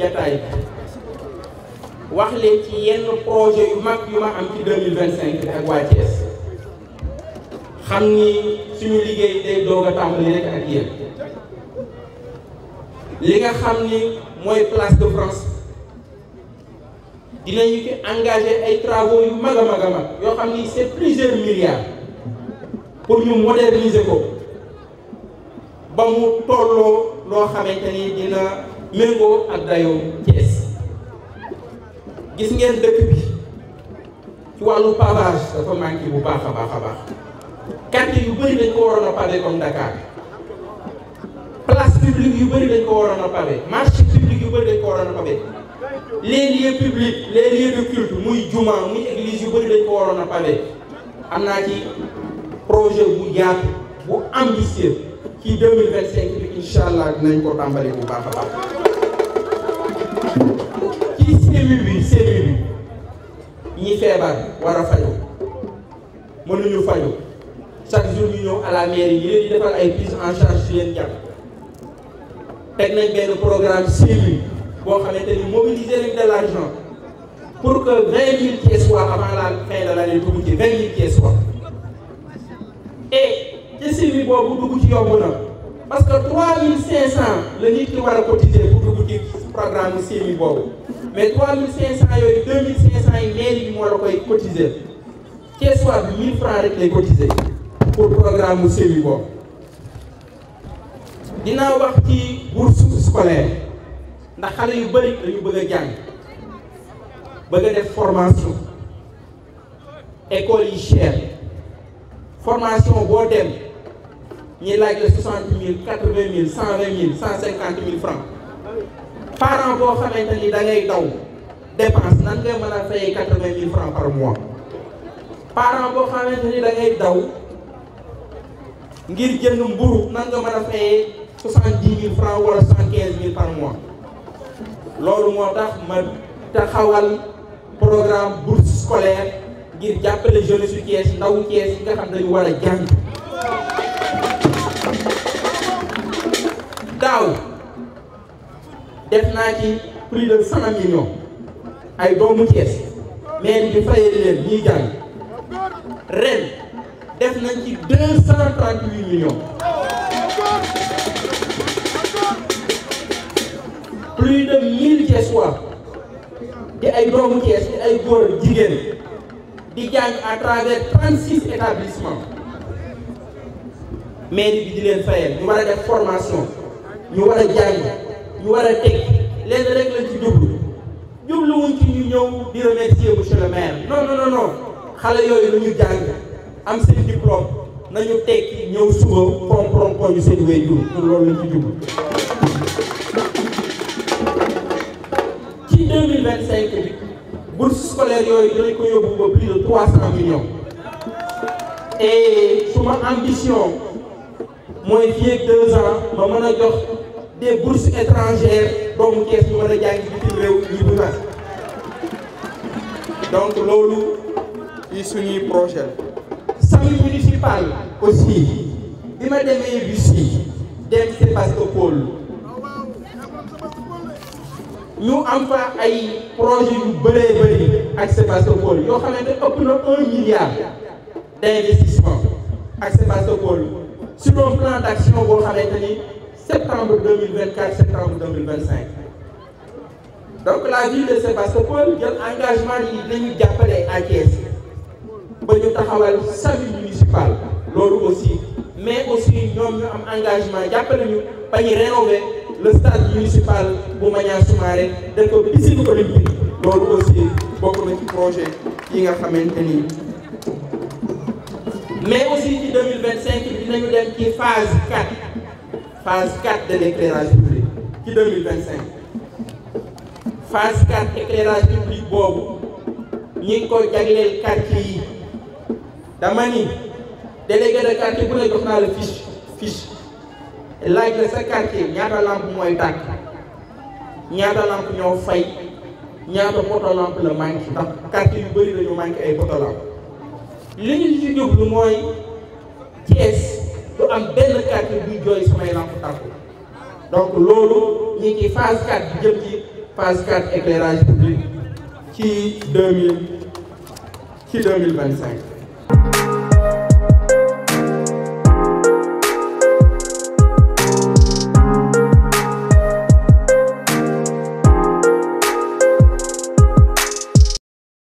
jataay bi wax leen ci yenn projet yu mag yu ma am ci ak waa xam ni suñu liggéey day doog a tàmbali ak yéen li nga xam ni mooy place de France dinañu ci engagé ay travaux yu mag a mag a mag yoo xam ni c'est plusieurs milliards pour ñu moderniser ko ba mu tolloo loo xamante ni dina méngoo ak dayoo Thiès gis ngeen dëkk bi ci wàllu pavage dafa manqué bu baax a baax a baax quartier yu bëri dañ ko waroon a pavé comme Dakar yu bëri dañ ko waroon a pavé marché public yu bëri dañ ko waroon a pavé les lieux muy juma muy église yu bëri dañ ko waroon a am naa ci projet bu yaatu bu ambitieux ci 2025 bi incha allah dinañ ko tàmbali bu baax a baax. ci cellule yi cellule yi ñi feebar war a faju mënuñu faju chaque jour ñu ñëw à la mairie yi defal ay prise en charge si leen jàpp teg nañ benn programme cellule boo xamante ni mobiliser nañ de l'argent pour que vingt mille pièces soient avant la fin de l'année dugg ci vingt mille pièces soient et ci cellule boobu dugg ci yomb na parce que trois mille cinq cent boobu mais 3500 yooyu 2500 yi mairie bi moo la koy cotiser keesuwaat bi 1000 rek lay cotiser pour programme mu semis boobu. dinaa wax ci bourse scolaire ndax xale yu bëri dañu bëgg a jàng bëgg a def formation école yi cher formation boo dem ñi laaj la soixante mille quatre vingt mille cent vingt cent cinquante mille francs. parent boo xamante ni da ngay daw dépense nan ngay mën a fay quatre mille francs par mois parent boo xamante ni da ngay daw ngir jënd mburu nan nga mën a fayee soixante-dix mille francs wala mille par mois loolu moo tax ma taxawal programme bourse scolaire ngir jàppale jeunesse su Thiès ndaw Thiès yi nga xam dañu war a jàng def naa ci plus de cent millions ay doomu Thiès mais di fayee leen ñuy jàng ren def nañ ci deux cent trente-huit millions plus de mille Thiessois di ay doomu Thiès di ay góor jigéen di jàng à travers trente-six établissements mairie bi di leen fayal ñu war a def formation ñu war yu war a teg lenn rek lañ ci jublu jubluwuñ ci ñu ñëw di remercier monsieur le maire non non non xale yooyu lu ñu jàng am seen diplôme nañu tekki ñëw suba pom pom ñu seen wéy jur pour loolu ci ci deux mille vingt cinq bi bourse ko yóbbu ba plus de trois cent millions et suma ambition mooy fii ak deux ans mën a jox des bourses étrangères doomu Cees ñu mën a jàngi bitim réew ñi bu na donc loolu ci suñuy projet salle municipale aussi bi ma demee Russie dem Sébastopol ñu am fa ay projet yu bëree bëri ak Sébastopol yoo xamante ëpp na un milliard d'investissement ak Sébastopol sur un plan d'action boo xamante ni septembre 2024 septembre 2025 donc la ville de Sébastopol jël engagement yi dañu jàppale à Thiès ba ñu taxawal SAMU municipal loolu aussi mais aussi ñoom ñu am engagement jàppale ñu ba ñu rénover le stade municipal bu Maniang Soumaré def ko piscine olympique loolu aussi bokk na ci projet yi nga xamante ni mais aussi ci dinañu dem ci phase 4. phase 4 de l'éclairage public ci 2025 phase 4 éclairage public boobu ñi ngi ko jagleel quartier yi dama ni délégué de quartier bu ne jox naa la fiche la sa quartier ñaata lamp ñoo fay ñaata poto lamp la manqué yu bëri dañu li ñu ci jublu mooy Thiès lu am benn quartier buy jooy samay lamp tàkku donc loolu ñu ngi phase 4 bi jëm ci phase 4 éclairage public ci deux ci deux mille vingt